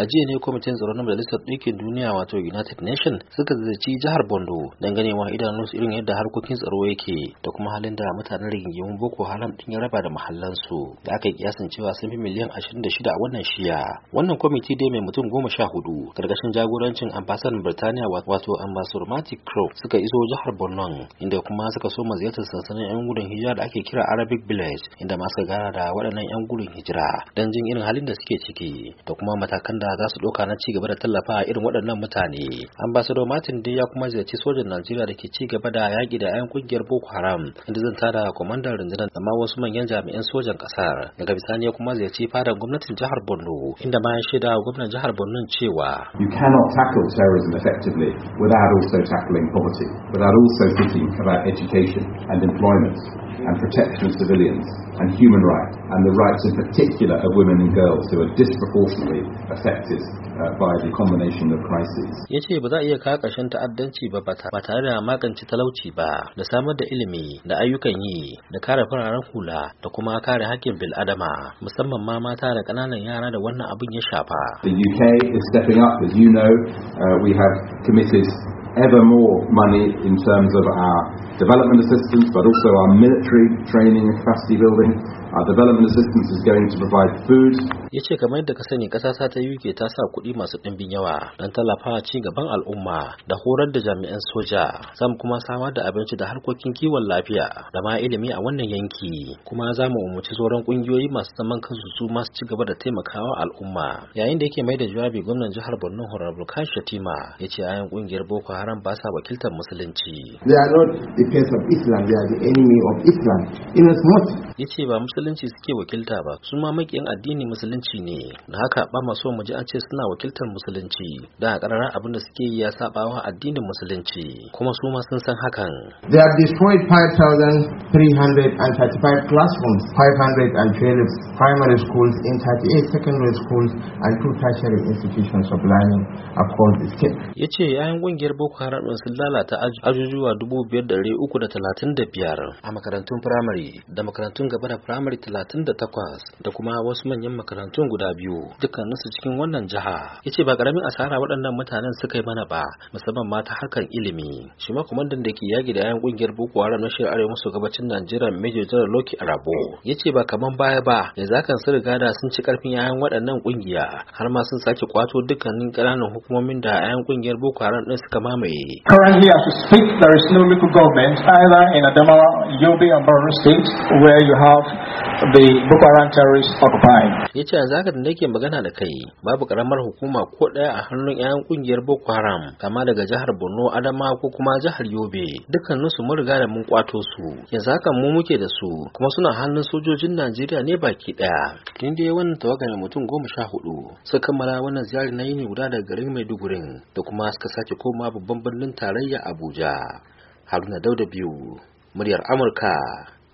a jiya ne kwamitin tsaro na majalisar ɗinkin duniya wato united nation suka zaci jihar bondo don ganewa idanunsu irin yadda harkokin tsaro yake da kuma halin da mutanen rigingimun boko haram ɗin ya raba da mahallansu da aka yi kiyasin cewa sun fi miliyan 26 a wannan shiya wannan kwamiti dai mai mutum goma sha hudu karkashin jagorancin ambasan birtaniya wato ambassador matic crow suka iso jihar borno inda kuma suka so ziyartar sansanin yan gudun hijira da ake kira arabic village inda ma gara da waɗannan yan gudun hijira don jin irin halin da suke ciki da kuma matakan da da za su ɗauka na cigaba da tallafa a irin waɗannan mutane. Ambassador Martin dai ya kuma ziyarci sojan Najeriya da ke ci gaba da yaƙi da 'yan ƙungiyar Boko Haram inda zan tada kwamandan rundunar da ma wasu manyan jami'an sojan ƙasar. Daga bisani ya kuma ziyarci fadar gwamnatin jihar Borno inda ma ya shaida gwamnan jihar Borno cewa. You cannot tackle terrorism effectively without also tackling poverty, without also thinking about education and employment. and protection of civilians and human rights, and the rights in particular of women and girls who are disproportionately affected uh, by the combination of crises. Ya ce ba za a iya ta'addanci ba ba tare da magance talauci ba da samar da ilimi da ayyukan yi da kare fararen hula da kuma kare bil'adama musamman ma mata da ƙananan yara da wannan abin ya shafa. The UK is stepping up as you know uh, we have committed ever more money in terms of our development assistance, but also our military training and capacity building. Our development assistance is going to provide food. Ya ce kamar yadda ka sani ƙasa ta UK ta sa kuɗi masu ɗimbin yawa don tallafa ci gaban al'umma da horar da jami'an soja. Zamu kuma samar da abinci da harkokin kiwon lafiya da ma ilimi a wannan yanki. Kuma za mu umarci sauran ƙungiyoyi masu zaman kansu su masu ci gaba da taimakawa al'umma. Yayin da yake mai da jawabi gwamnan jihar Borno Honorable Kan Shatima ya ce ayan ƙungiyar Boko Haram ba sa wakiltar musulunci. They are not the face of Islam, they are the enemy of Islam. In as much. Ya ce ba musulunci musulunci suke wakilta ba su ma makiyan addini musulunci ne da haka ba maso mu ji an ce suna wakiltar musulunci da a karara abin da suke yi ya saba wa addinin musulunci kuma su ma sun san hakan they have destroyed 5335 classrooms 512 primary schools in 38 secondary schools and two tertiary institutions of learning across the state yace yayin gungiyar boko haram sun lalata ajujuwa 5335 a makarantun firamare da makarantun gaba da firamare firamare 38 da kuma wasu manyan makarantun guda biyu dukkaninsu cikin wannan jiha ya ce ba karamin asara waɗannan mutanen suka yi mana ba musamman ma ta harkar ilimi shi ma kwamandan da ke yaki da yan kungiyar boko haram na shirin arewa maso gabacin najeriya major general loki arabo ya ce ba kaman baya ba ya zakan su riga da sun ci karfin yayan waɗannan kungiya har ma sun sake kwato dukkanin ƙananan hukumomin da yayan kungiyar boko haram ɗin suka mamaye. currently as we speak there is no local government either in adamawa yobe and borno states where you have the Boko Haram terrorists Ya ce yanzu haka da nake magana da kai babu karamar hukuma ko ɗaya a hannun 'ya'yan ƙungiyar Boko Haram kama daga jihar Borno, Adama ko kuma jihar Yobe dukkanin su mun riga da mun kwato su. Yanzu haka mu muke da su kuma suna hannun sojojin Najeriya ne baki ɗaya. Tun dai wannan tawagar mutum goma sha hudu suka kammala wannan ziyarar na yini guda daga garin Maiduguri da kuma suka sake koma babban birnin tarayya Abuja. Haruna Dauda biyu muryar Amurka